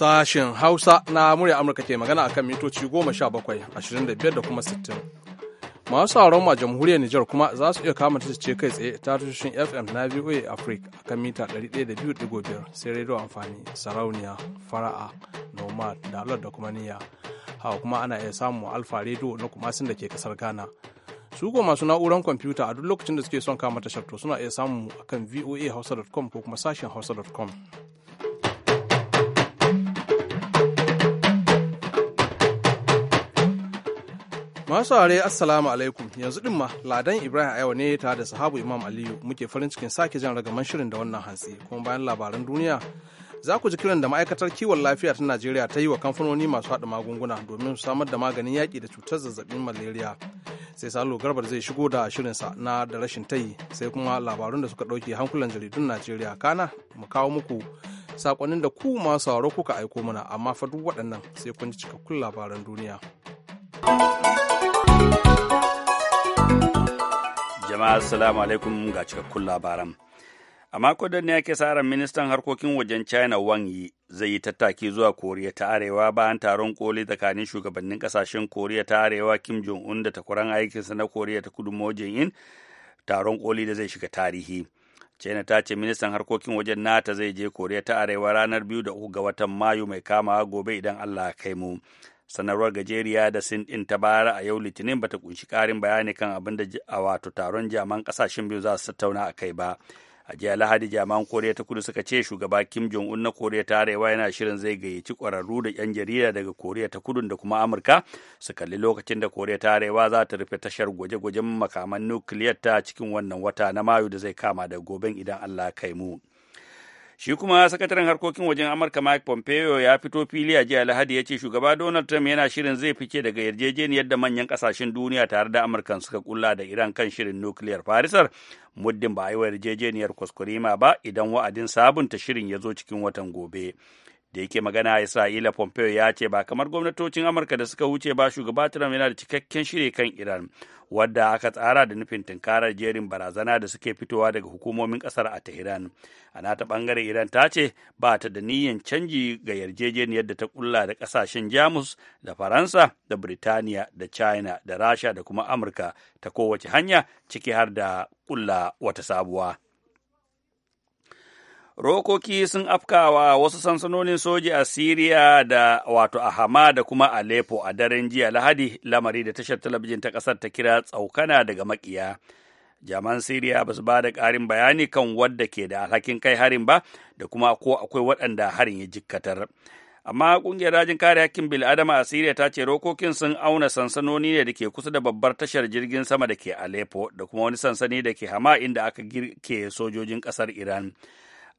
Sashen Hausa na murya Amurka ke magana akan mitoci goma sha bakwai ashirin da biyar da kuma sittin Masu a ma jamhuriyar Nijar kuma za su iya kama ta ce kai tsaye ta tushen FM na VOA Africa akan mita 102.5 sai rediyo amfani sarauniya fara'a nomad da dalar da kuma niyya. Hawa kuma ana iya samu alfa rediyo na kuma sun da ke kasar Ghana. su goma masu na'uran kwamfuta a duk lokacin da suke son kama tashar to suna iya samun mu akan voahausa.com ko kuma sashen hausa.com. Masu saurare Assalamu alaikum yanzu din ma Ladan Ibrahim Ayawa ne tare da sahabu Imam Aliyu muke farin cikin sake jan ragaman shirin da wannan hantsi kuma bayan labaran duniya za ku ji kiran da ma'aikatar kiwon lafiya ta Najeriya ta yi wa kamfanoni masu haɗa magunguna domin su samar da maganin yaƙi da cutar zazzabin malaria. Sai Salo Garbar zai shigo da shirinsa na da rashin tayi sai kuma labarun da suka ɗauke hankulan jaridun Najeriya kana mu kawo muku sakonnin da ku masu sauraro kuka aiko mana amma fa duk waɗannan sai kun ji cikakkun labaran duniya. jama'a assalamu alaikum ga cikakkun labaran a mako da ne ake sa ministan harkokin wajen china wang yi zai yi tattaki zuwa koriya ta arewa bayan taron koli tsakanin shugabannin kasashen koriya ta arewa kim jong un da takwaran aikinsa na koriya ta kudu mo in taron koli da zai shiga tarihi china ta ce ministan harkokin wajen nata zai je koriya ta arewa ranar biyu da uku ga watan mayu mai kama gobe idan allah ya kai mu sanarwar gajeriya da sin ɗin ta bayar a yau litinin bata kunshi karin bayani kan abin da a wato taron jaman kasashen biyu za su tattauna a kai ba a jiya lahadi jaman koriya ta kudu suka ce shugaba kim jong un na koriya ta arewa yana shirin zai gayyaci kwararru da yan jarida daga koriya ta kudu da kuma amurka su kalli lokacin da koriya ta arewa za ta rufe tashar gwaje-gwajen makaman nukiliyar ta cikin wannan wata na mayu da zai kama da goben idan allah kai mu Shi kuma sakataren harkokin wajen Amurka Mike Pompeo ya fito fili a jiya Lahadi ya ce shugaba Donald Trump yana shirin zai fice daga yarjejeniyar da manyan kasashen duniya tare da amurka suka kulla da Iran kan shirin nukiliyar Farisar muddin ba a yi wa yarjejeniyar kwaskwarima ba idan wa'adin sabunta shirin ya zo cikin watan gobe. da yake magana a Isra'ila Pompeo ya ce ba kamar gwamnatocin Amurka da suka wuce ba shugaba Trump yana da cikakken shiri kan Iran wadda aka tsara da nufin tunkarar jerin barazana da suke fitowa daga hukumomin kasar a Tehran. A nata bangare Iran ta ce ba ta da niyyar canji ga yarjejeniyar da ta kulla da kasashen Jamus da Faransa da Birtaniya da China da Rasha da kuma Amurka ta kowace hanya ciki har da kulla wata sabuwa. rokoki sun afkawa wasu sansanonin soji a Siriya da wato a Hama da kuma Aleppo a daren jiya Lahadi lamari da tashar talabijin ta kasar ta kira tsaukana daga makiya. Jaman Siriya ba su ba da ƙarin bayani kan wadda ke da alhakin kai harin ba da kuma ko akwai waɗanda harin ya jikkatar. Amma ƙungiyar rajin kare hakkin bil'adama a Siriya ta ce rokokin sun auna sansanoni ne da ke kusa da babbar tashar jirgin sama da ke Aleppo da kuma wani sansani da ke Hama inda aka girke sojojin ƙasar Iran.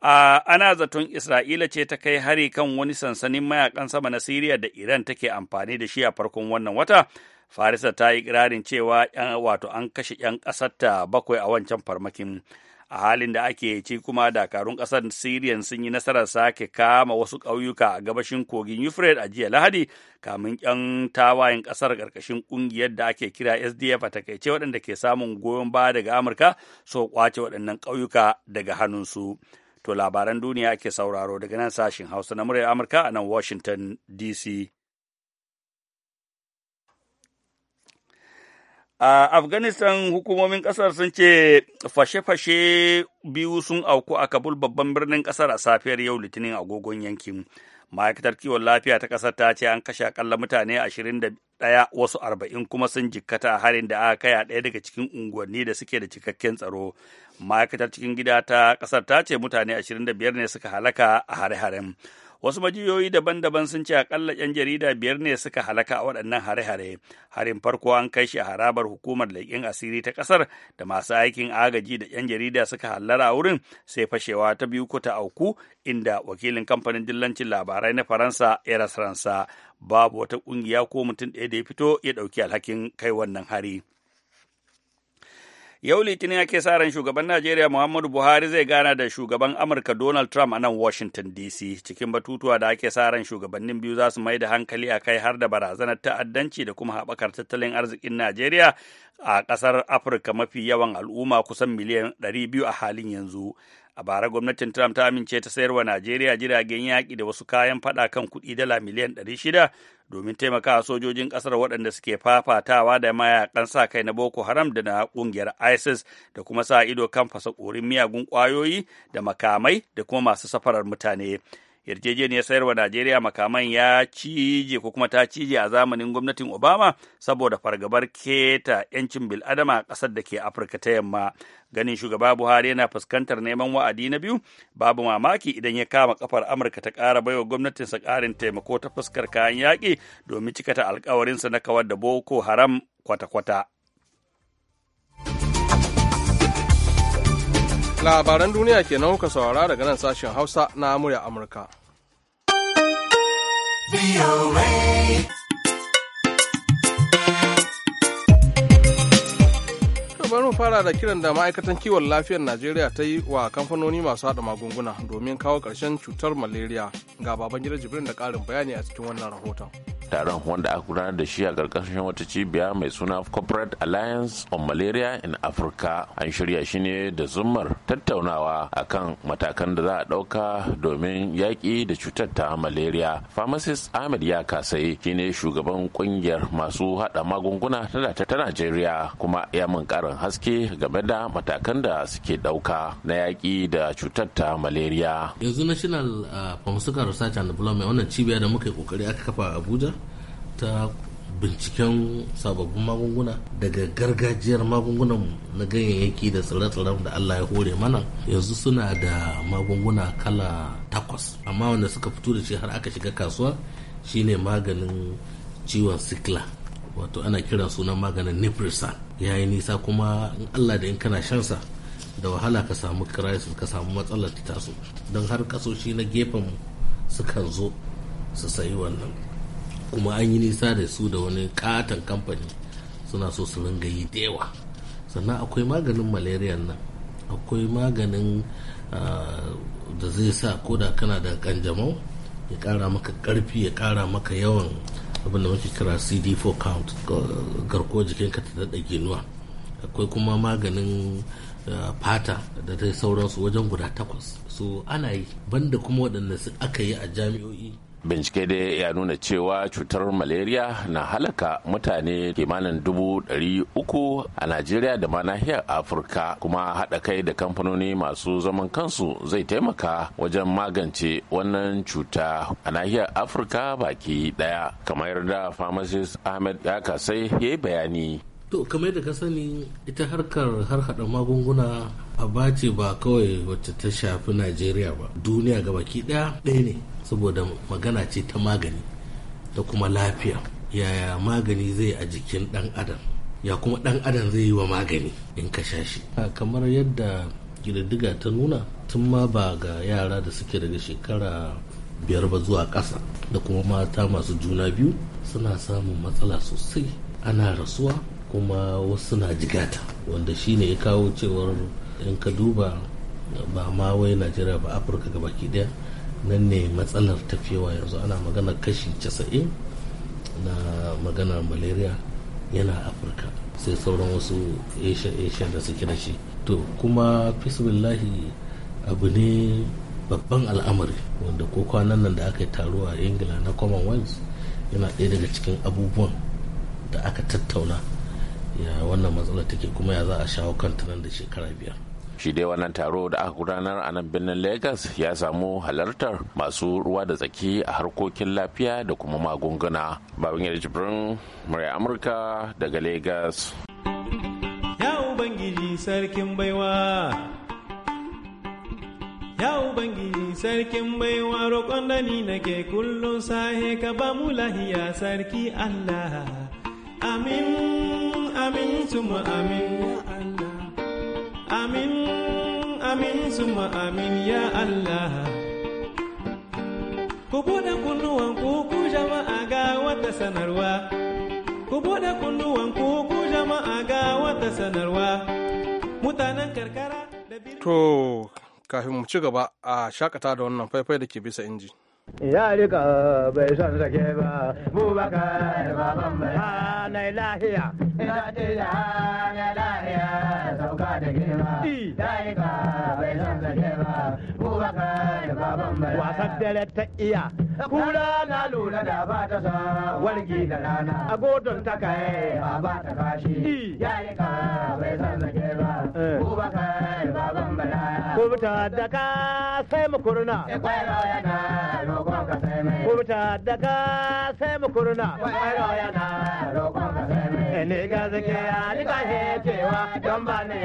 Uh, ana zaton Isra'ila ce ta kai hari kan wani sansanin mayakan sama na Siriya da Iran take amfani da shi a farkon wannan wata. Farisa ta yi kirarin cewa wato an kashe 'yan ƙasarta bakwai a wancan farmakin. A halin da ake ci kuma dakarun ƙasar Siriyan sun yi nasarar sake kama wasu ƙauyuka a gabashin kogin Euphrates a jiya Lahadi kamin 'yan tawayen ƙasar ƙarƙashin ƙungiyar da ake kira SDF a takaice waɗanda ke samun goyon baya daga Amurka so kwace waɗannan ƙauyuka daga hannunsu. su. To labaran duniya ake sauraro daga nan sashin Hausa na muryar Amurka a nan Washington DC. A Afghanistan hukumomin kasar sun ce fashe-fashe biyu sun auku a Kabul babban birnin kasar a safiyar yau Litinin agogon yankin. ma'aikatar kiwon lafiya ta kasar ta ce an kashe akalla mutane ashirin da ɗaya wasu arba'in kuma sun jikkata harin da aka kai a ɗaya daga cikin unguwanni da suke da cikakken tsaro ma'aikatar cikin gida ta ƙasar ta ce mutane 25 ne suka halaka a hare-haren wasu majiyoyi daban-daban sun ce akalla 'yan jarida biyar ne suka halaka a waɗannan hare-hare harin farko an kai shi a harabar hukumar leƙin asiri ta ƙasar da masu aikin agaji da 'yan jarida suka hallara a wurin sai fashewa ta biyu ko ta auku inda wakilin kamfanin dillancin labarai na faransa ya ransa babu wata ƙungiya ko mutum ɗaya da ya fito ya ɗauki alhakin kai wannan hari. Yau Litinin ake sa ran shugaban Najeriya Muhammadu Buhari zai gana da shugaban Amurka Donald Trump a nan Washington DC cikin batutuwa da ake sa ran shugabannin biyu za su mai da hankali a kai har da barazanar ta'addanci da kuma haɓakar tattalin arzikin Najeriya a ƙasar Afirka mafi yawan al'umma kusan miliyan 200 a halin yanzu. a bara gwamnatin trump ta amince ta sayarwa najeriya jiragen yaƙi da wasu kayan fada kan kuɗi dala miliyan 600 domin taimakawa sojojin ƙasar waɗanda suke fafatawa da mayaƙan sa kai na boko haram da na ƙungiyar isis da kuma sa ido kan fasa ƙorin miyagun ƙwayoyi da makamai da kuma masu safarar mutane yarjejeniyar sayarwa Najeriya makaman ya cije ko kuma ta cije a zamanin gwamnatin Obama saboda fargabar keta 'yancin bil'adama a ƙasar da ke Afirka ta yamma. Ganin shugaba Buhari yana fuskantar neman wa'adi na biyu babu mamaki idan ya kama kafar Amurka ta ƙara baiwa sa ƙarin taimako ta fuskar kayan yaƙi domin cikata alkawarinsa na kawar da Boko Haram kwata-kwata. labaran duniya ke kenan kuka saurara daga nan sashen hausa na murya amurka. Bashir bari mu fara da kiran da ma'aikatan kiwon lafiyar Najeriya ta yi wa kamfanoni masu haɗa magunguna domin kawo karshen cutar malaria ga baban gidan Jibrin da karin bayani a cikin wannan rahoton. taron wanda aka gudanar da shi a ƙarƙashin wata cibiya mai suna corporate alliance on malaria in africa an shirya shi ne da zummar tattaunawa akan matakan da za a ɗauka domin yaƙi da cutar ta malaria pharmacist ahmed ya kasai shine shugaban ƙungiyar masu haɗa magunguna ta ta najeriya kuma ya mun ƙarin haske game da matakan da suke ɗauka na yaƙi da cutar ta malaria. Yanzu National uh, Pharmaceutical Research and Development wannan cibiya da muka yi kokari aka kafa Abuja ta binciken sababbin magunguna daga gargajiyar magungunan na ganyayyaki da tsire-tsiren da Allah ya hore mana yanzu suna da magunguna kala takwas amma wanda suka fito da shi har aka shiga kasuwa shine maganin ciwon sikla wato ana kiran sunan maganin nifrisan ya yi nisa kuma in allah da in kana shansa da wahala ka samu crisis ka samu matsalar ta taso don har kasoshi na gefen sukan zo su sayi wannan kuma an yi nisa da su da wani katon kamfani suna so su ringa yi da sannan akwai maganin malaria nan akwai maganin ah, da zai sa koda kana da kanjamau ya kara maka karfi ya kara maka yawan abin da muke kira cd4 count garko jikinka ta daɗe ginuwa akwai kuma maganin eh, fata da yi sauransu wajen guda takwas so ana yi banda kuma waɗanda aka yi a jami'o'i bincike da ya nuna cewa cutar malaria na halaka mutane kimanin dubu ɗari uku a najeriya da ma nahiyar afirka kuma haɗa kai da kamfanoni masu zaman kansu zai taimaka wajen magance wannan cuta a nahiyar afirka baki ɗaya kamar da pharmacist ahmed ya kasai ya yi bayani to kamar da ka sani ita harkar har hada magunguna a bace ba kawai wacce ta shafi najeriya ba duniya ga baki daya ɗaya ne saboda magana ce ta magani da kuma lafiya yaya magani zai a jikin ɗan adam ya kuma ɗan adam zai yi wa magani in ka sha shi kamar yadda ƙididdiga ta nuna tun ma ba ga yara da suke daga shekara biyar ba zuwa ƙasa da kuma mata masu juna biyu suna samun matsala sosai ana rasuwa kuma wasu na jigata wanda shi ne ya kawo cewar in ka duba ba ma wai najeriya ba afirka gabaki daya nan ne matsalar tafiyawa yanzu ana magana kashi 90 na maganar malaria yana afirka sai sauran wasu asia da suke da shi to kuma fisibillahi abu ne babban al'amari wanda ko kwanan nan da aka yi taro a ingila na commonwealth yana ɗaya daga cikin abubuwan da aka tattauna ya wannan matsalar take kuma ya za a shawo kanta nan da shekara biyar shi dai wannan taro da aka gudanar a nan birnin lagos ya samu halartar masu ruwa da tsaki a harkokin lafiya da kuma magunguna babin yadda jibrin murya amurka daga lagos ya ubangiji sarkin baiwa ya ubangiji sarkin baiwa roƙon da ni nake kullum sahe ka ba mu lahiya sarki allah amin amin tuma amin ya allah amin amin suma amin ya Allah ku bude kunnuwan ku ku jama'a ga wata sanarwa ku bude kunnuwan ku ku jama'a ga wata sanarwa mutanen karkara da to kafin mu ci gaba a shakata da wannan faifai da ke bisa inji. yarika bai son sake ba bubakar baban mai hana lahiya ina ce da hana lahiya sauka da girma yarika bai son sake ba bubakar baban mai wasan dare ta iya kula na lura da ba ta sa wargi da rana a godon ta kai ba ba ta kashi yarika bai son sake ba bubakar eh. baban mai ko ta da ka sai mu kurna ya eh, yana Kuta daga sai mu kurna. yana roƙon ka sai mai. Ni gaske ya ni ka cewa don ba ne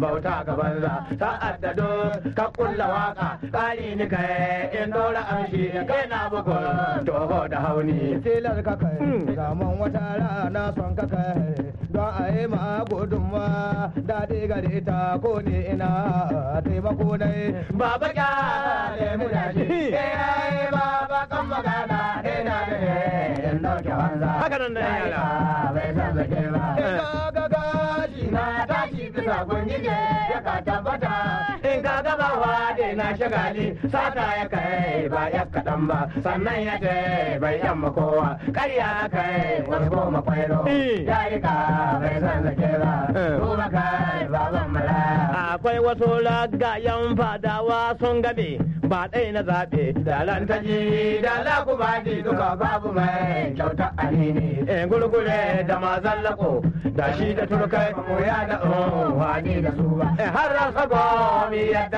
bauta ka banza. Sa'ad da do ka kulla waka ƙari ni ka in dora amshi na bugun toho da hauni. Tilar ka kai zaman wata rana son ka kai. Don a yi ma gudunwa daɗi gare ta ko ne ina taimako ne. Baba ƙya da da shi. Eh, kan magana ina da yin dauke wanza. Haka nan da yala. Bai san zake ba. Ga ga gashi na tashi bisa gungi ne ya ka tabbata. in ka gaza wa na shagali sata ya kai ba ya kaɗan ba sannan ya ce bai yamma kowa karya kai wasu goma kwairo eh. ya yi ka bai san zake ba eh. duba kai baban mala akwai wasu ragayen fadawa sun gabe ba ɗai na zaɓe da lantaji da lakubadi duka babu mai kyauta alini eh, gurgure da mazan lako da shi da turkai ya da oh, wani da su ba har rasa gomi shi ya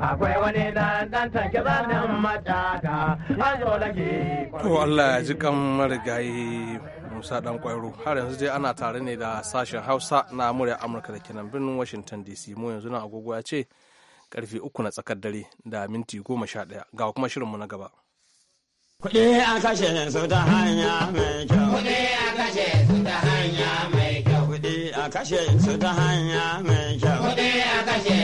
akwai wani lage to Allah ya ji kan marigayi Musa dan kwairo har yanzu dai ana tare ne da sashen Hausa na murya Amurka da kenan birnin Washington DC mu yanzu na agogo ya ce karfe uku na tsakar dare da minti goma sha ɗaya ga kuma shirinmu na gaba. Kuɗi a kashe su ta hanya mai kyau. Kuɗi a kashe su ta hanya mai kyau. Kuɗi a kashe su ta hanya mai kyau. Kuɗi a kashe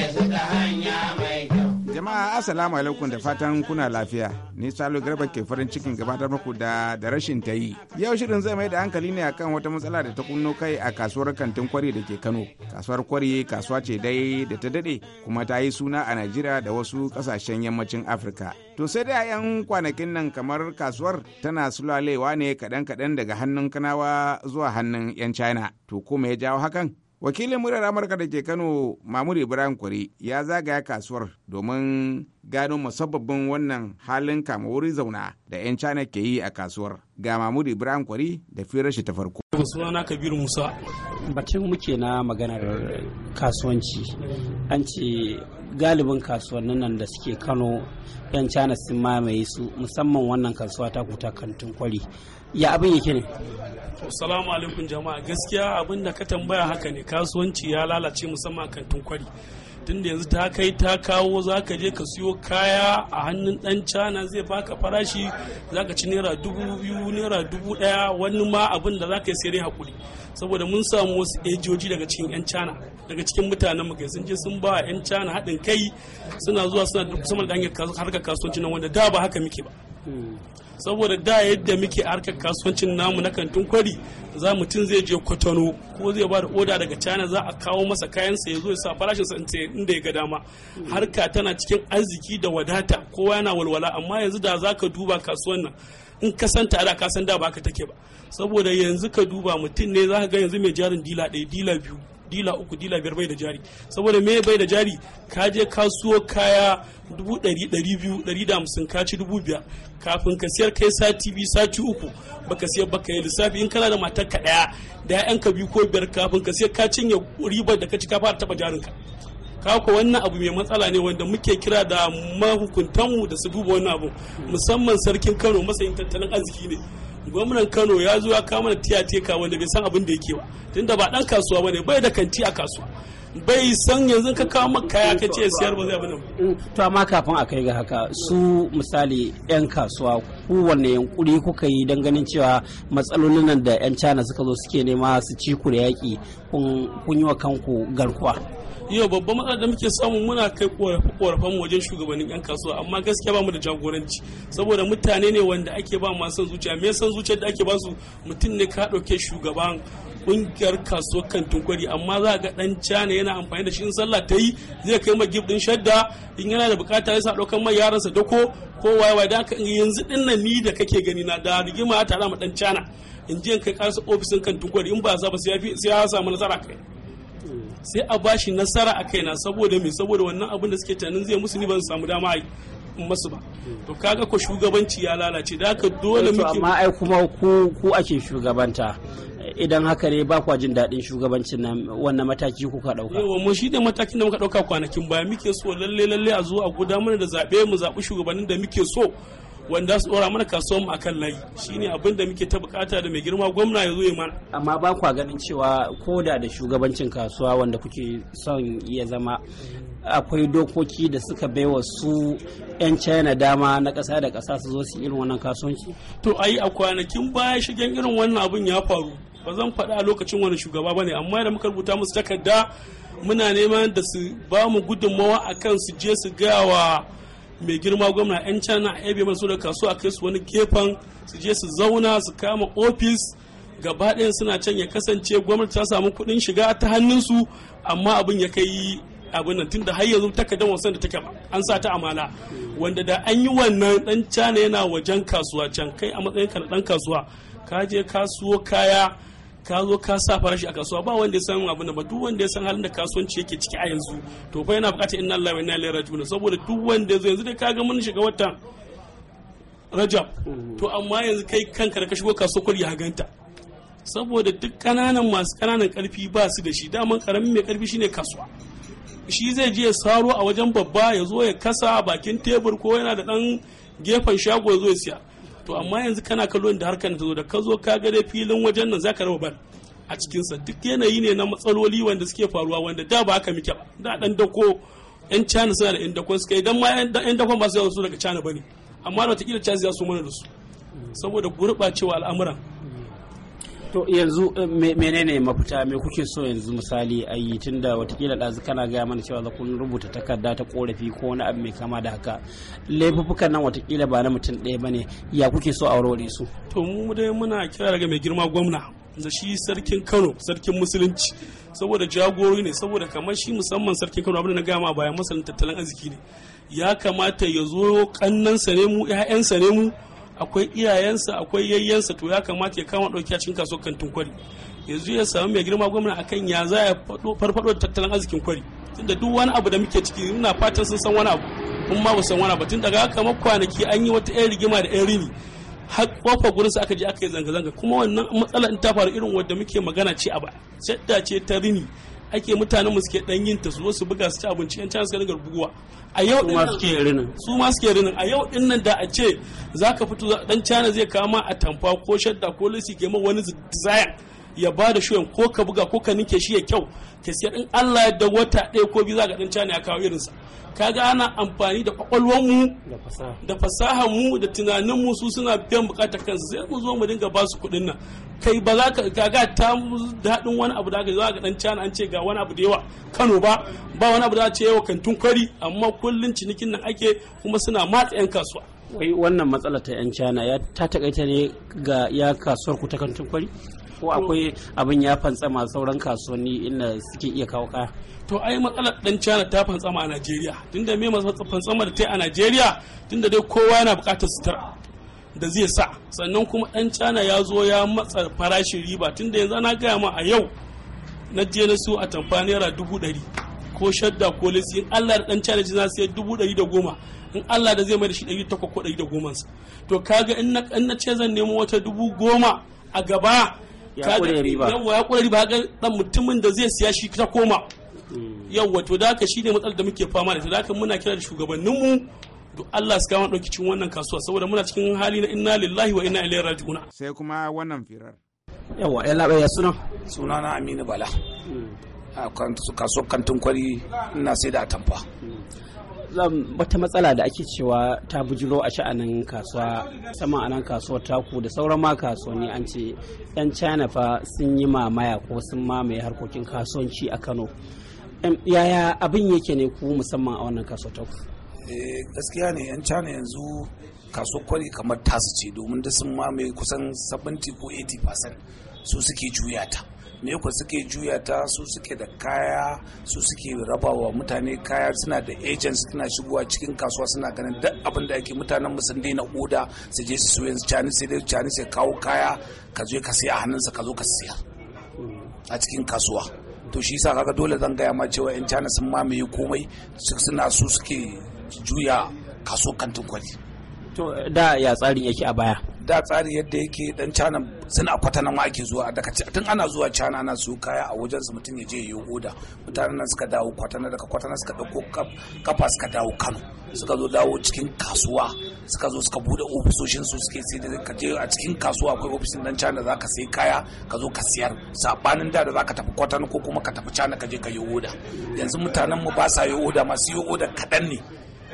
jama'a assalamu alaikum da fatan kuna lafiya ni salo garba ke farin cikin gabatar muku da da rashin ta yi yau shirin zai mai da hankali ne akan wata matsala da ta kunno kai a kasuwar kantin kwari da ke kano kasuwar kwari kasuwa ce dai da ta dade kuma ta yi suna a najeriya da wasu kasashen yammacin afirka to sai dai a yan kwanakin nan kamar kasuwar tana sulalewa ne kaɗan kaɗan daga hannun kanawa zuwa hannun yan china to ko ya jawo hakan wakilin murar amurka da ke kano mamur ibrahim kwari ya zagaya kasuwar domin gano musabbabin wannan halin kama wuri zauna da 'yan cana ke yi a kasuwar ga mamur ibrahim kwari da firar shi ta farko sunana kabiru musa batun muke na maganar kasuwanci an ce galibin kasuwannin nan da suke kano 'yan cana sun mamaye su musamman wannan kasuwa ta kuta kantin kwari ya abin yake ne Assalamu alaikum jama'a gaskiya abin da ka tambaya haka ne kasuwanci ya lalace musamman kantin kwari da yanzu ta kai ta kawo za ka je ka siyo kaya a hannun dan cana zai baka farashi za ka ci naira dubu biyu naira dubu daya wani ma abin da za ka yi sai dai hakuri saboda mun samu wasu ejoji daga cikin yan cana daga cikin mutanen mu sun je sun ba yan cana haɗin kai suna zuwa suna duk sama da harkar kasuwanci nan wanda da ba haka muke ba hmm. saboda da yadda muke harkar kasuwancin namu na kantin kwari za mutum zai je kwatano ko zai ba da oda daga china za a kawo masa kayansa sa ya zo ya sa farashin sa inda ya ga dama harka tana cikin arziki da wadata kowa yana walwala amma yanzu da ka duba kasuwan nan in ka san tare ka san da ba ka take ba saboda yanzu ka duba mutum ne za ka ga yanzu mai jarin dila ɗaya dila biyu dila uku dila biyar bai da jari saboda me bai da jari ka je kasuwa kaya dubu ɗari ɗari biyu ɗari da hamsin ka ci dubu biyar kafin ka siyar kai sati biyu sati uku baka siyar baka yi lissafi in kana da matar ka ɗaya da 'ya'yanka biyu ko biyar kafin ka siyar ka cinye ribar da ka ci ka fara taɓa jarinka kawo wannan abu mai matsala ne wanda muke kira da mahukuntanmu da su duba wannan abu musamman sarkin kano masayin tattalin arziki ne gwamnan kano ya zo ya kama da teka wanda bai san abin da yake ba tunda ba dan kasuwa ne bai da kanti a kasuwa bai san yanzu ka kawo maka kaya ka ce siyar ba zai abin mm, to amma kafin a kai ga haka su misali yan kasuwa kowanne yankuri kuka yi don ganin cewa matsalolin nan da yan cana suka zo suke nema su ci ku da yaƙi kun yi wa kanku garkuwa yau babban matsala da muke samu muna kai korafe korafen wajen shugabannin yan kasuwa amma gaskiya ba mu da jagoranci saboda mutane ne wanda ake ba masu san zuciya me san zuciya da ake ba su mutum ne ka dauke shugaban kungiyar kasuwar kantin kwari amma za ga dan cana yana amfani da shi in sallah ta yi zai kai ma gif din shadda in yana da bukata ya sa daukan mai yaransa dako ko waye waye da yanzu din nan ni da kake gani na da rigima ta mu dan cana in je kai karasa ofisin kantin kwari in ba za ba sai ya samu nasara kai sai a bashi nasara a kaina saboda me saboda wannan abin da suke tunanin zai musu ni ban samu dama in masu ba to kaga ko shugabanci ya lalace da haka dole muke amma ai kuma ku ku ake shugabanta idan haka ne ba kwa jin daɗin shugabancin nan wannan mataki kuka ɗauka. Yawa mu shi ne matakin da muka ɗauka kwanakin baya muke so lalle lalle a zo a gudanar da zaɓe mu zaɓi shugabannin da muke so wanda su dora mana kasuwar a kan layi shine abin da muke ta bukata da mai girma gwamna ya zo ya mana amma ba kwa ganin cewa koda da shugabancin kasuwa wanda kuke son iya zama akwai dokoki da suka baiwa su 'yan china dama na ƙasa da ƙasa su zo su irin wannan kasuwanci to ayi a kwanakin baya shigen irin wannan abin ya faru ba zan faɗa a lokacin wani shugaba ba ne amma da muka rubuta musu takarda muna neman da su ba mu gudunmawa akan su je su gawa mai girma gwamna 'yan cana a ebe masu da kasuwa kai su wani gefen su je su zauna su kama ofis gaba ɗayan suna can ya kasance gwamnati ta samu kuɗin shiga ta hannunsu amma abin ya kai abin nan tun da har yanzu takardar wasan da take an sa ta amala wanda da an yi wannan dan cana yana wajen kasuwa can kai a matsayin ka na dan kasuwa ka je kasuwa kaya ka zo ka sa farashi a kasuwa ba wanda ya san abin da ba duk wanda ya san halin da kasuwanci yake ciki a yanzu to fa yana bukatar inna lillahi wa inna ilaihi raji'un saboda duk wanda ya zo yanzu dai kaga mun shiga wata rajab to amma yanzu kai kanka da ka shigo kasuwar ya ganta saboda duk kananan masu kananan karfi ba su da shi daman karamin mai karfi shine kasuwa shi zai je ya saro a wajen babba ya zo ya kasa bakin tebur ko yana da dan gefen shago ya zo ya siya to amma yanzu kana kallon da harkar ta zo da ka zo ka ga dai filin wajen nan zaka raba bal a cikinsa duk yanayi ne na matsaloli wanda suke faruwa wanda da ba haka muke ba da dan dako yan cana suna da yan dakon suka idan ma yan dakon ba su yawo su daga cana bane amma da watakila ya za su mana da su saboda gurbacewa al'amuran to yanzu eh, menene mafita me kuke so yanzu misali a yi tun da watakila ɗazu kana gaya mana cewa za kun rubuta takarda ta korafi ko wani abu mai kama da haka laifuffukan nan watakila ba na mutum ɗaya ba ne ya kuke so a warware su to mu dai muna kira daga mai girma gwamna da shi sarkin kano sarkin musulunci saboda jagorori ne saboda kamar shi musamman sarkin kano abin da na gama bayan masanin tattalin arziki ne ya kamata ya zo kannansa ne mu 'ya'yansa ne mu akwai iyayensa akwai yayyensa to ya kamata ya kama dauki a cikin kasuwar kantin kwari yanzu ya samu mai girma gwamna akan ya za ya farfaɗo tattalin arzikin kwari tunda duk wani abu da muke ciki ina fatan sun san wani abu kun ma ba san wani abu tun daga kamar kwanaki an yi wata 'yan rigima da 'yan rini har kofa gurin aka je aka yi zanga-zanga kuma wannan matsala in ta faru irin wadda muke magana ce a ba shadda ce ta rini ake mutane mu suke dan yin ta su zo su buga su ci abinci yan can suka dinga buguwa a yau din suke rinin su ma suke rinin a yau din nan da a ce zaka fito dan cana zai kama a tamfa ko shadda ko lisi ke ma wani desire ya ba da shuyan ko ka buga ko ka ninke shi ya kyau ka siya in Allah da wata ɗaya ko biyu za ka ɗan cana ya kawo irinsa kaga ana amfani da kwakwalwar da fasaha mu da tunanin su suna biyan bukatar kansu sai mu zo mu dinga ba su kuɗin nan kai ba za ka kaga ta daɗin wani abu da za ka ɗan cana an ce ga wani abu da yawa Kano ba ba wani abu da ce yawa kantun kwari amma kullun cinikin nan ake kuma suna matsa 'yan kasuwa. wai wannan matsala ta 'yan cana ya ta takaita ne ga ya kasuwar ku ta kantun kwari ko akwai abin ya fantsama sauran kasuwanni inda suke iya kawo kaya to ai matsalar dan China ta fantsama a Najeriya tunda me fantsama da ta a Najeriya tunda dai kowa yana buƙatar sutura da zai sa sannan kuma dan China ya zo ya matsa farashin riba tunda yanzu na gaya ma a yau na je na su a tamfa naira dubu ɗari ko shadda ko lisi in Allah da dan China na sai dubu ɗari da goma in Allah da zai mai da shi ɗari takwas ko ɗari da goma to kaga in na ce zan nemo wata dubu goma a gaba ya kure riba ya kure riba ga dan mutumin da zai siya shi ta koma hmm. yawa to da haka shine matsalar da muke fama da ita da muna kira da mu to Allah su kama dauki cin wannan kasuwa saboda muna cikin hali na inna lillahi wa inna ilaihi raji'un sai kuma wannan firar yawa ya labe ya suna na Aminu Bala hmm. a kasuwar kantin kwari ina sai da tamfa. Hmm. wata matsala da ake cewa ta bujiro a sha'anin kasuwa sama a nan kasuwar taku da sauran ma kasuwanni an ce 'yan china fa sun yi mamaya ko sun mamaye harkokin kasuwanci a kano yaya abin yake ne ku musamman a wannan kasuwar taku eh, gaskiya ne 'yan china yanzu kasuwar kwari kamar tasu ce domin da sun mamaye kusan 70 ko 80 su suke juya ta me ku suke juya ta su suke da kaya su suke raba wa mutane kaya suna da agents suna shigowa cikin kasuwa suna ganin duk abin da ake mutanen mu sun daina oda su je su yin cani sai dai cani sai kawo kaya ka je ka siya hannunsa ka zo ka siya a cikin kasuwa to shi yasa kaga dole zan gaya ma cewa yan cana sun mamaye komai suna su suke juya kaso kantin kwali to da ya tsarin yake a baya da tsari yadda yake dan cana suna kwata nan ake zuwa daga tun ana zuwa cana ana su kaya a wajen su mutum ya je yi oda mutanen nan suka dawo kwatana daga kwatana suka dauko kafa suka dawo kano suka zo dawo cikin kasuwa suka zo suka bude ofisoshin su suke sai da ka je a cikin kasuwa akwai ofishin dan cana zaka sai kaya ka zo ka siyar sabanin da da zaka tafi kwatana ko kuma ka tafi cana ka je ka yi oda yanzu mutanen mu ba sa yi oda masu yi oda kadan ne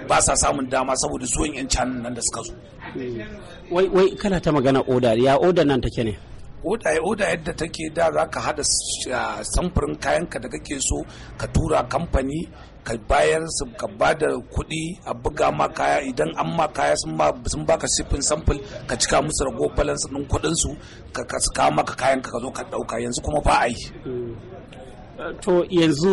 ba sa samun dama saboda zuwan yan canan nan da suka zo Eh. wai kana ta magana oda ya oda nan take ne oda ya oda yadda take da za ka hada samfurin kayanka da kake so ka tura kamfani ka bayar su ka ba da kuɗi a buga ma kaya idan an ma kaya sun baka sifin samfil ka cika musu rago balance ɗin kuɗin su ka kawo maka kayan ka zo ka ɗauka yanzu kuma ba yi hmm. to yanzu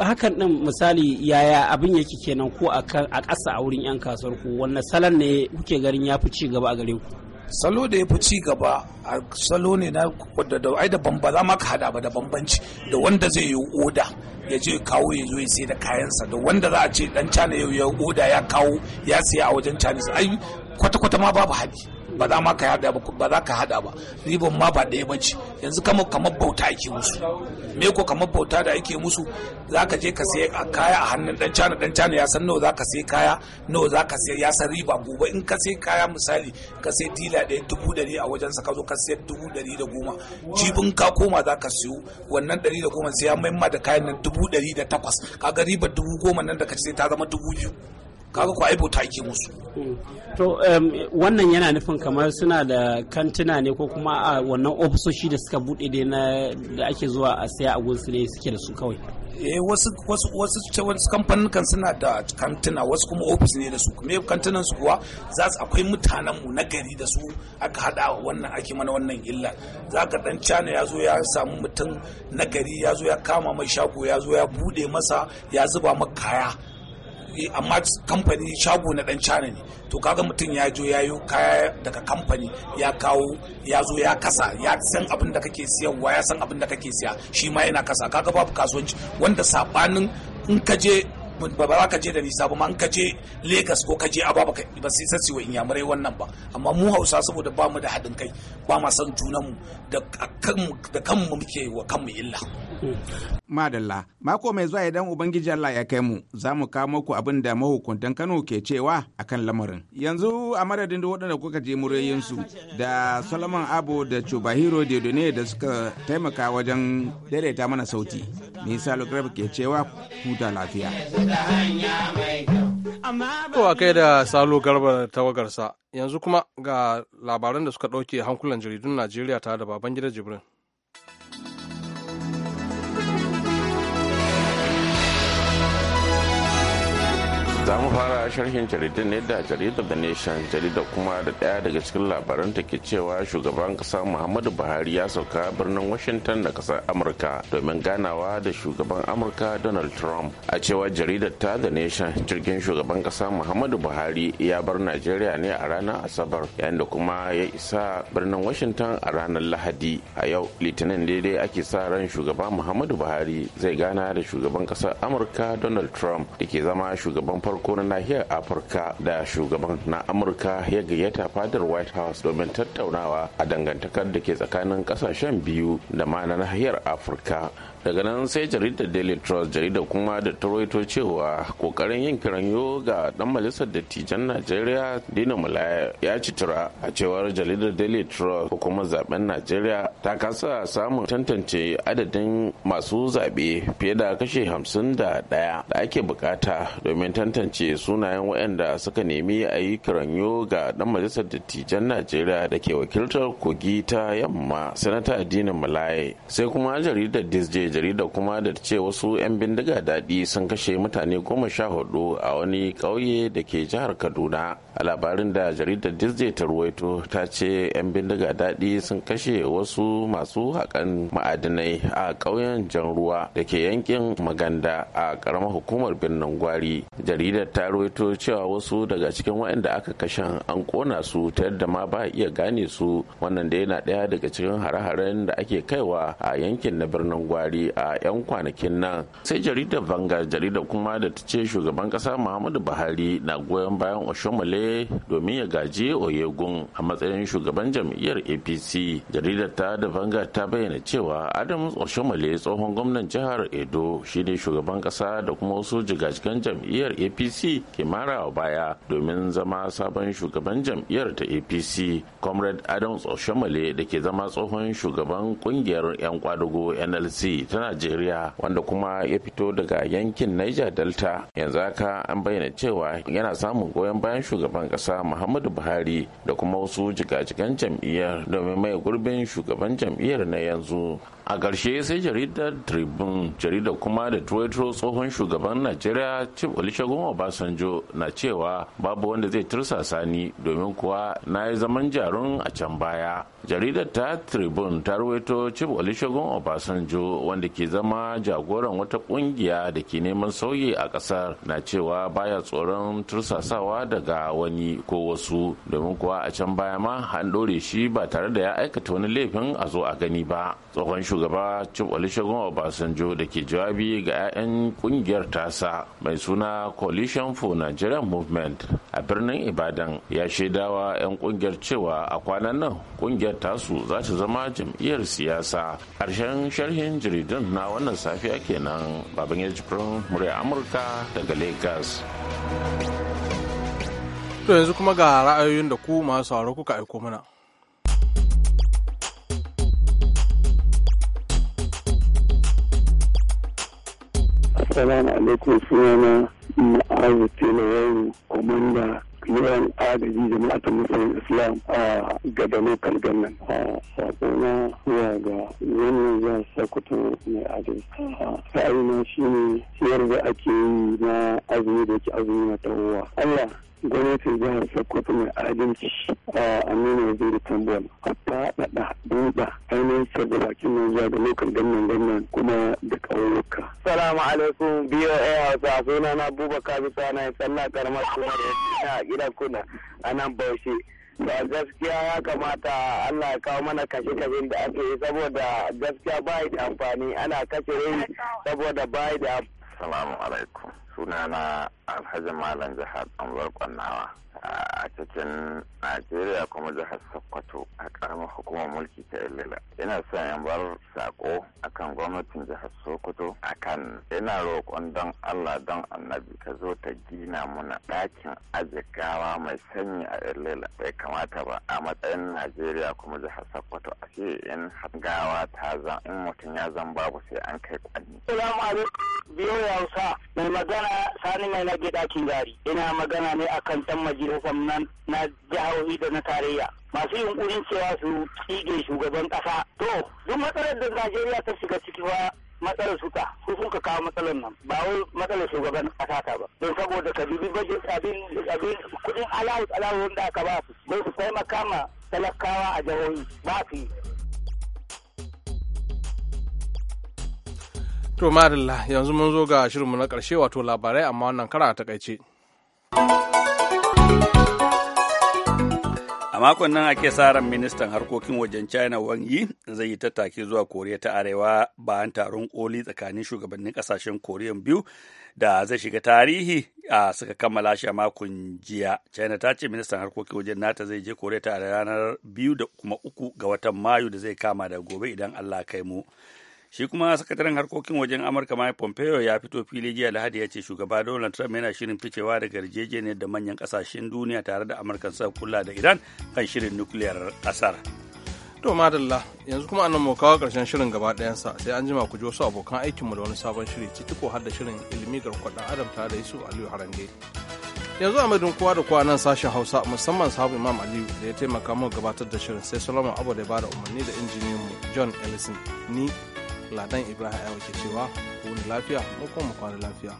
hakan ɗin misali yaya abin yake kenan ko a ƙasa a wurin 'yan kasuwar ku wanne salon ne kuke garin ya fi ci gaba a gare ku salo da ya fi ci gaba a salo ne na wadda da ai da bamba za ma hada ba da bambanci da wanda zai yi oda ya je kawo ya zo ya sai da kayansa da wanda za a ce dan cana yau ya oda ya kawo ya siya a wajen chinese ai kwata-kwata ma babu hadi ba za ma ka hada ba ba za ka hada ba ribon ma ba ya bace yanzu kamar kamar bauta ake musu me ko kamar bauta da ake musu za ka je ka a kaya a hannun dan cana dan cana ya san nawa za ka sayi kaya nawa za ka sayi ya san riba gobe in ka sai kaya misali ka sai dila ɗaya dubu ɗari a wajen sa ka zo ka sai dubu ɗari da goma jibin ka koma za ka siyo wannan ɗari da goma sai ya maimma da kayan nan dubu ɗari da takwas kaga ribar dubu goma nan da ka ce ta zama dubu biyu kaga ko ai bauta ake musu hmm. to wannan yana nufin kamar suna da kantina ne ko kuma a wannan ofisoshi da suka bude da na da ake zuwa a saya a gunsu ne suke da su kawai eh wasu wasu wasu wasu kamfanin kan suna da kantina wasu kuma ofis ne da su kuma kantinan su kuwa za su akwai mutanen mu na gari da su aka hada wannan ake mana wannan illa ka dan cana ya zo ya samu mutum na gari ya zo ya kama mai shago ya zo ya bude masa ya zuba maka kaya Eh, amma kamfani shago na dan cana ne to kaga mutum ya jo ya yi kaya daga kamfani ya kawo ya zo ya kasa ya san abin da kake siyarwa ya san abin da kake siya shi ma yana kasa kaga babu kasuwanci wanda sabanin in ka je ba ba ka je da nisa ba an ka je Lagos ko ka je Ababa ba sai sai wa inyamurai wannan ba amma mu Hausa saboda ba mu da haɗin kai ba ma san mu da kan da kanmu muke wa kanmu illa madalla mako mai zuwa idan ubangiji Allah ya kai mu za mu kawo muku abin da mahukuntan Kano ke cewa akan lamarin yanzu a madadin da waɗanda kuka je su da Solomon Abo da Chubahiro Dedone da suka taimaka wajen daidaita mana sauti Nisa Salo ke cewa huta lafiya To a kai da Salo Garba tawagarsa yanzu kuma ga labaran da suka ɗauke hankulan jaridun Najeriya ta da baban gida Jibrin. za mu fara sharhin jaridar ne da jaridar da nation jaridar kuma da daya daga cikin labaran ta ke cewa shugaban kasa muhammadu buhari ya sauka birnin washington da kasar amurka domin ganawa da shugaban amurka donald trump a cewa jaridar ta da nation jirgin shugaban kasa muhammadu buhari ya bar najeriya ne a ranar asabar yayin da kuma ya isa birnin washington a ranar lahadi a yau litinin daidai ake sa ran shugaban muhammadu buhari zai gana da shugaban kasar amurka donald trump da ke zama shugaban farko farko na nahiyar afirka da shugaban na amurka ya gayyata fadar white house domin tattaunawa a dangantakar da ke tsakanin kasashen biyu da ma na nahiyar afirka daga nan sai jaridar daily trust jaridar kuma da turaito cewa kokarin yin kiran yoga dan majalisar dattijan najeriya dina mulaya ya ci tura a cewar jaridar daily trust ko kuma zaben najeriya ta kasa samun tantance adadin masu zaɓe fiye da kashe hamsin da ɗaya da ake bukata domin tantance sunayen waɗanda suka nemi a yi kiran yoga dan majalisar dattijan najeriya da ke wakiltar kogi ta yamma sanata dina mulaya sai kuma jaridar disney jarida kuma da ce wasu 'yan bindiga daɗi sun kashe mutane goma sha hudu a wani ƙauye da ke jihar kaduna a labarin da jaridar disney ta ruwaito ta ce 'yan bindiga daɗi sun kashe wasu masu haƙan ma'adinai a ƙauyen jan ruwa da ke yankin maganda a ƙaramar hukumar birnin gwari jaridar ta ruwaito cewa wasu daga cikin waɗanda aka kashe an ƙona su ta yadda ma ba iya gane su wannan da yana ɗaya daga cikin hare-haren da ake kaiwa a yankin na birnin gwari a 'yan kwanakin nan sai jaridar vanga jaridar kuma da ta ce shugaban ƙasa muhammadu buhari na goyon bayan oshomale domin ya gaji oyegun a matsayin shugaban jam'iyyar apc jaridar ta da vanga ta bayyana cewa Adamu oshomale tsohon gwamnan jihar edo shine shugaban kasa da kuma wasu jigajigan jam'iyyar apc ke mara baya domin zama sabon shugaban jam'iyyar ta apc comrade adams oshomale da ke zama tsohon shugaban kungiyar 'yan kwadugo nlc ta najeriya wanda kuma ya fito daga yankin niger delta yanzu haka an bayyana cewa yana samun goyon bayan shugaban shugaban kasa muhammadu buhari da kuma wasu jigajigan jam'iyyar domin mai gurbin shugaban jam'iyyar na yanzu a ƙarshe sai jaridar tribune jaridar kuma da tuwaito tsohon shugaban najeriya chief olusegun obasanjo na cewa babu wanda zai tursasa ni domin kuwa na yi zaman jarun a can baya jaridar ta tribune ta ruwaito chief olusegun obasanjo wanda ke zama jagoran wata kungiya da ke neman sauyi a ƙasar na cewa baya tsoron tursasawa daga wani ko wasu domin kuwa a can baya ma an ɗore shi ba tare da ya aikata wani laifin a zo a gani ba tsohon shugaban shugaba cib olusegun obasanjo da ke jawabi ga 'ya'yan kungiyar tasa mai suna coalition for nigerian movement a birnin ibadan ya shaidawa 'yan kungiyar cewa a kwanan nan kungiyar tasu za ta zama jam'iyyar siyasa harshen sharhin jaridun na wannan safiya kenan baban ya murya amurka daga lagos to yanzu kuma ga ra'ayoyin da ku masu kuka aiko mana Assalamu alaikum sunana Ma'azu Telawaru, Komanda yawan agaji jama'a ta musulun islam a gadano kalgan nan a sakona zuwa ga wannan jihar sokoto mai na shi ne ciyar da ake yi na azumi da ke azumi na tawowa allah gwamnatin jihar sokoto mai adalci a aminu da tambon a faɗaɗa buɗa ainihin sarda bakin nan zuwa da lokal gannan gannan kuma da ƙauyuka. salamu alaikum boa hausa suna na bubakar bisa na tsalla karamar kuma da gidan kuna a nan bauchi Da gaskiya ya kamata Allah ya kawo mana kashe kashen da ake yi saboda gaskiya ba da amfani ana kashe rai saboda bayi da Salamu alaikum. na alhaji malam jihar anwar kwannawa a cikin najeriya kuma jihar sokoto a karamar hukumar mulki ta ilila ina son yan bar sako akan gwamnatin jihar sokoto akan ina roƙon don allah don annabi ka zo ta gina muna ɗakin gawa mai sanyi a ilila bai kamata ba a matsayin najeriya kuma jihar sokoto a ce in gawa ta zan in mutum ya zan babu sai an kai kwanni. Salamu alaikum biyo yausa mai magana magana sani mai na ɗakin gari ina magana ne akan dan majalisar nan na jihohi da na tarayya masu yunkurin cewa su tsige shugaban kasa to duk matsalar da najeriya ta shiga ciki fa matsalar suka su sun ka kawo matsalar nan ba wai matsalar shugaban kasa ta ba don saboda ka dubi bajin abin abin kudin alawus alawus wanda aka ba su don su taimaka ma talakawa a jihohi ba su yi To madalla yanzu mun zo ga shirinmu na ƙarshe wato labarai amma wannan kara a takaice. A makon nan ake sa ran ministan harkokin wajen China Wang Yi zai yi tattaki zuwa Koriya ta Arewa bayan taron koli tsakanin shugabannin kasashen Koriyan biyu da zai shiga tarihi a suka kammala shi a makon jiya. China ta ce ministan harkokin wajen nata zai je Koriya ta Arewa ranar biyu da kuma uku ga watan Mayu da zai kama da gobe idan Allah kai mu. shi kuma sakataren harkokin wajen amurka mike pompeo ya fito fili jiya lahadi ya ce shugaba donald trump yana shirin ficewa daga yarjejeniyar da manyan kasashen duniya tare da amurka sa kula da iran kan shirin nukiliyar kasar to madalla yanzu kuma annan mu kawo karshen shirin gaba ɗayansa sai an jima ku ji wasu abokan aikinmu da wani sabon shiri ciki har da shirin ilimi garkuwar ɗan adam tare da yusuf aliyu harande yanzu a madin kowa da kowa nan sashen hausa musamman sabon imam aliyu da ya taimaka mu gabatar da shirin sai solomon abu da ya bada umarni da injiniyan mu john ellison ni ladan ibrahim ya wuce cewa ku lafiya ko kuma mu kwana lafiya